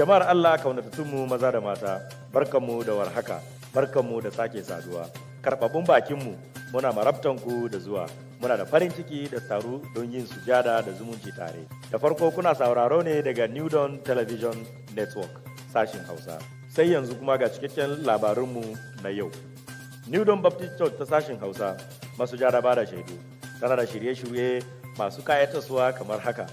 jama'ar Allah kaunatattunmu maza da mata barkanmu da warhaka barkanmu da sake saduwa karɓaɓɓun bakinmu muna marabtan ku da zuwa muna da farin ciki da taro don yin sujada da zumunci tare da farko kuna sauraro ne daga New Dawn Television Network sashin Hausa sai yanzu kuma ga cikakken labarinmu na yau New Dawn Baptist Church ta sashin Hausa masu jaraba da shaidu tana da shirye-shirye masu kayatarwa kamar haka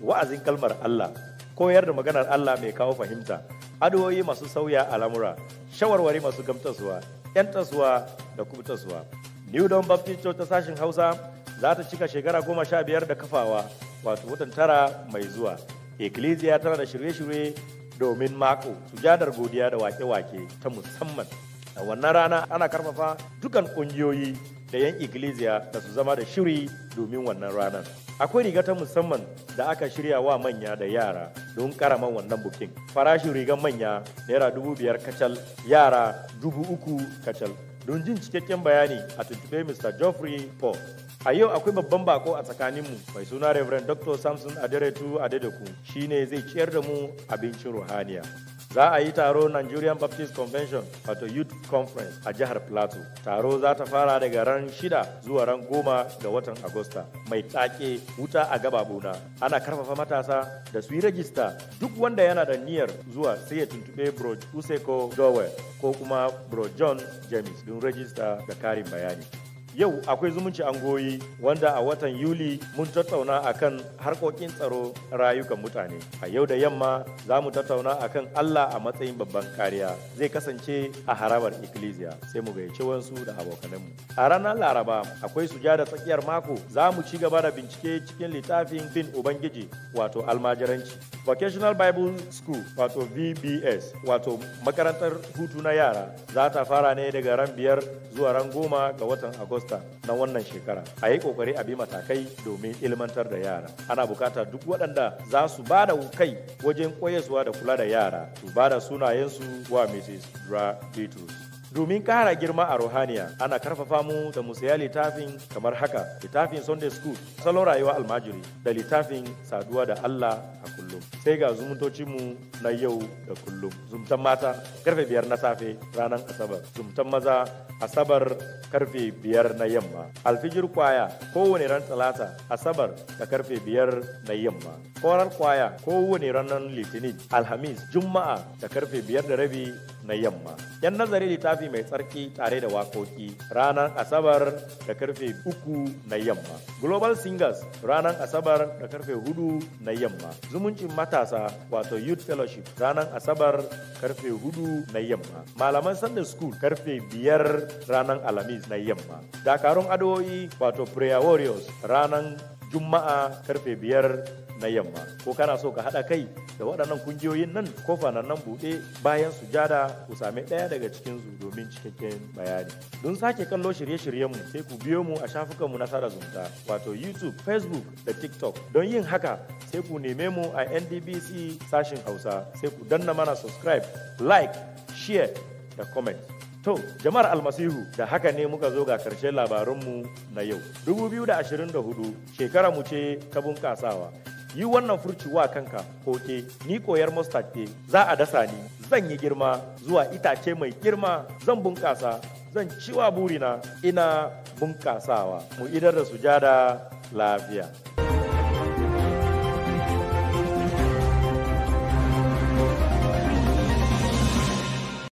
wa'azin kalmar Allah koyar da maganar Allah mai kawo fahimta adoyi masu sauya al'amura shawarwari masu gamtaswa yantaswa da kubtaswa new don baptist church ta sashin hausa za ta cika shekara goma sha biyar da kafawa wato watan tara mai zuwa ecclesia tana da shirye-shirye domin mako sujadar godiya da wake-wake ta musamman a wannan rana ana karfafa dukan ƙungiyoyi da 'yan ikkilisiya da su zama da shiri domin wannan ranar. Akwai riga ta musamman da aka shirya wa manya da yara don karaman wannan bukin. Farashin rigar manya naira dubu biyar kacal, yara dubu uku kacal. Don jin cikakken bayani a tuntube Mr. Geoffrey Paul. A yau akwai babban bako a tsakaninmu mai suna Reverend Dr. Samson Aderetu Adedeku shine zai ciyar da mu abincin ruhaniya. za a yi taro Nigerian Baptist Convention wato Youth Conference a jihar Plateau. Taro za ta fara daga ran shida zuwa ran goma ga watan Agusta mai take wuta a gababuna. Ana karfafa matasa da su yi rajista duk wanda yana da niyyar zuwa sai ya tuntube Bro Useko Dowell ko kuma Bro John James don rajista ga karin bayani. yau akwai zumunci angoyi wanda a watan yuli mun tattauna akan harkokin tsaro rayukan mutane a yau da yamma za mu tattauna akan allah a matsayin babban kariya zai kasance a harabar ikkilisiya sai mu gayyaci wansu da abokananmu a ranar laraba akwai suja da tsakiyar mako za mu ci gaba da bincike cikin littafin bin ubangiji wato almajiranci Vocational Bible School wato VBS wato makarantar hutu na yara za ta fara ne daga ran biyar zuwa ran goma ga watan Agusta na wannan shekara. A yi kokari a bi matakai domin ilmantar da yara. Ana bukatar duk waɗanda za su ba da kai wajen koyaswa da kula da yara su ba da sunayensu wa Mrs. Dra. Petrus. Domin ƙara girma a ruhaniya, ana karfafa mu da mu saya littafin kamar haka, littafin Sunday School, salon rayuwa almajiri, da littafin saduwa da Allah a kullum. Sai ga zumuntocinmu na yau da kullum. Zumtan mata, karfe biyar na safe ranar Asabar. Zumtan maza, Asabar karfe biyar na yamma. Alfijir kwaya, kowane ran Talata, Asabar da karfe biyar na yamma. Korar kwaya, kowane ranar Litinin, Alhamis, Juma'a da karfe biyar da rabi na yamma. Yan nazari littafin littafi mai tsarki tare da wakoki ranar Asabar da karfe uku na yamma. Global Singers ranar Asabar da karfe hudu na yamma. Zumuncin matasa wato Youth Fellowship ranar Asabar karfe hudu na yamma. Malaman Sunday School karfe biyar ranar Alhamis na yamma. Dakarun adoyi wato Prayer Warriors ranar Juma'a karfe biyar na yamma ko kana so ka haɗa kai da waɗannan kungiyoyin nan ko nan buɗe bayan sujada ku sami ɗaya daga cikin su domin cikakken bayani don sake kallo shirye-shiryenmu sai ku biyo mu a shafukanmu na sada zumunta wato youtube facebook da tiktok don yin haka sai ku neme mu a ndbc sashin hausa sai ku danna mana subscribe like share da comment To, jama'ar almasihu da haka ne muka zo ga karshen labarinmu na yau. 2024 shekara mu ce ta bunƙasawa. yi wannan furci wa kanka ke ni koyar mustard ke za a dasa ni zan yi girma zuwa itace mai girma zan bunƙasa zan ciwa burina ina bunƙasawa mu idar da sujada lafiya